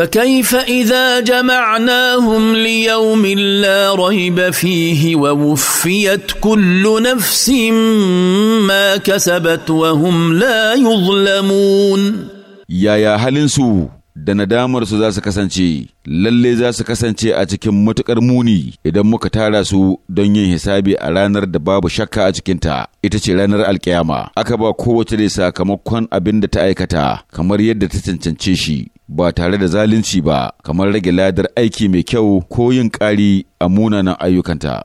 فكيف اذا جمعناهم ليوم لا ريب فيه ووفيت كل نفس ما كسبت وهم لا يظلمون يا يا هلنسو da nadamarsu za su kasance lalle za su kasance a cikin matuƙar muni idan muka tara su don yin hisabi a ranar da babu shakka a cikinta ita ce ranar alkiyama aka ba kowace da sakamakon abin da ta aikata kamar yadda ta cancance shi ba tare da zalunci ba kamar rage ladar aiki mai kyau ko yin ƙari a munanan ayyukanta.